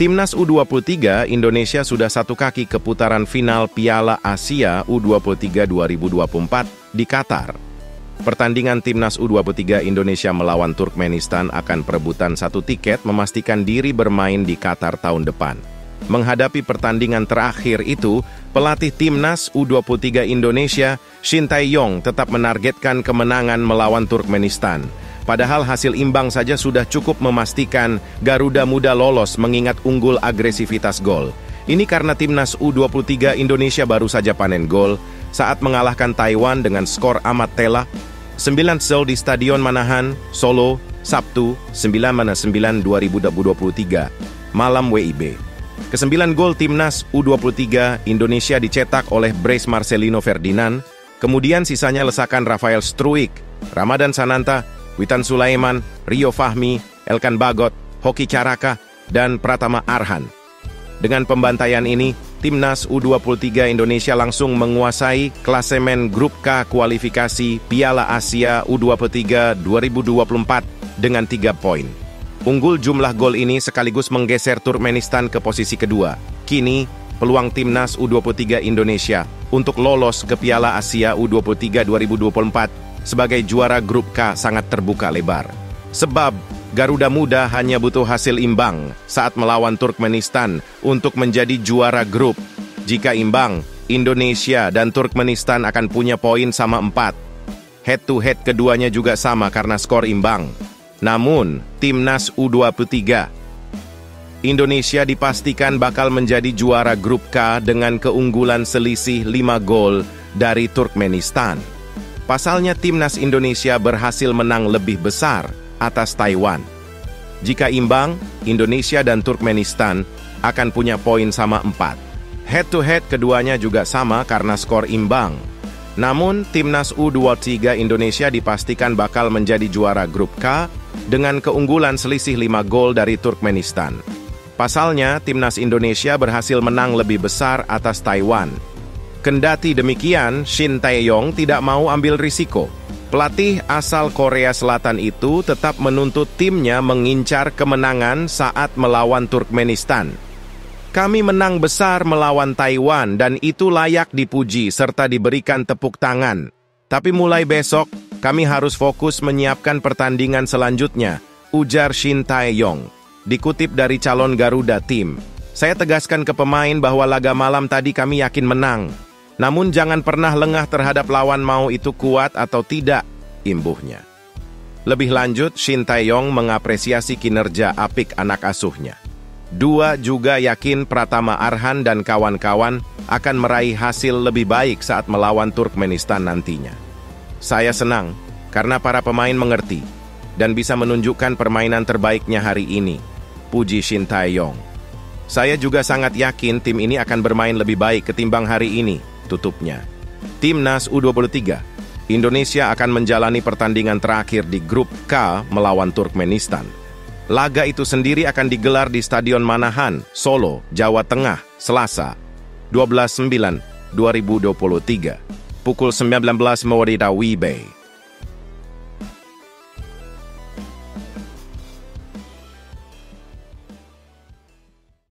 Timnas U23 Indonesia sudah satu kaki ke putaran final Piala Asia U23 2024 di Qatar. Pertandingan Timnas U23 Indonesia melawan Turkmenistan akan perebutan satu tiket memastikan diri bermain di Qatar tahun depan. Menghadapi pertandingan terakhir itu, pelatih timnas U23 Indonesia, Shin Tae-yong tetap menargetkan kemenangan melawan Turkmenistan. Padahal hasil imbang saja sudah cukup memastikan Garuda Muda lolos mengingat unggul agresivitas gol. Ini karena timnas U23 Indonesia baru saja panen gol saat mengalahkan Taiwan dengan skor amat telak 9 sel di Stadion Manahan, Solo, Sabtu, 9 9 2023, malam WIB. Kesembilan gol timnas U23 Indonesia dicetak oleh Brace Marcelino Ferdinand, kemudian sisanya lesakan Rafael Struik, Ramadan Sananta, Witan Sulaiman, Rio Fahmi, Elkan Bagot, Hoki Caraka, dan Pratama Arhan. Dengan pembantaian ini, Timnas U23 Indonesia langsung menguasai klasemen Grup K kualifikasi Piala Asia U23 2024 dengan tiga poin. Unggul jumlah gol ini sekaligus menggeser Turkmenistan ke posisi kedua. Kini, peluang timnas U23 Indonesia untuk lolos ke Piala Asia U23 2024 sebagai juara grup K sangat terbuka lebar. Sebab, Garuda Muda hanya butuh hasil imbang saat melawan Turkmenistan untuk menjadi juara grup. Jika imbang, Indonesia dan Turkmenistan akan punya poin sama empat. Head-to-head -head keduanya juga sama karena skor imbang. Namun, timnas U23 Indonesia dipastikan bakal menjadi juara grup K dengan keunggulan selisih 5 gol dari Turkmenistan. Pasalnya timnas Indonesia berhasil menang lebih besar atas Taiwan. Jika imbang, Indonesia dan Turkmenistan akan punya poin sama 4. Head-to-head -head keduanya juga sama karena skor imbang. Namun, timnas U23 Indonesia dipastikan bakal menjadi juara grup K dengan keunggulan selisih 5 gol dari Turkmenistan. Pasalnya, timnas Indonesia berhasil menang lebih besar atas Taiwan. Kendati demikian, Shin Tae-yong tidak mau ambil risiko. Pelatih asal Korea Selatan itu tetap menuntut timnya mengincar kemenangan saat melawan Turkmenistan. Kami menang besar melawan Taiwan dan itu layak dipuji serta diberikan tepuk tangan. Tapi mulai besok, kami harus fokus menyiapkan pertandingan selanjutnya, ujar Shin Tae Yong, Dikutip dari calon Garuda Tim. saya tegaskan ke pemain bahwa laga malam tadi kami yakin menang. Namun jangan pernah lengah terhadap lawan mau itu kuat atau tidak, imbuhnya. Lebih lanjut, Shin Tae Yong mengapresiasi kinerja apik anak asuhnya. Dua juga yakin Pratama Arhan dan kawan-kawan akan meraih hasil lebih baik saat melawan Turkmenistan nantinya. Saya senang karena para pemain mengerti dan bisa menunjukkan permainan terbaiknya hari ini. Puji Shin Taeyong. Saya juga sangat yakin tim ini akan bermain lebih baik ketimbang hari ini, tutupnya. Timnas U23, Indonesia akan menjalani pertandingan terakhir di grup K melawan Turkmenistan. Laga itu sendiri akan digelar di Stadion Manahan, Solo, Jawa Tengah, Selasa, 12/9/2023 pukul 19 Morita Wibe.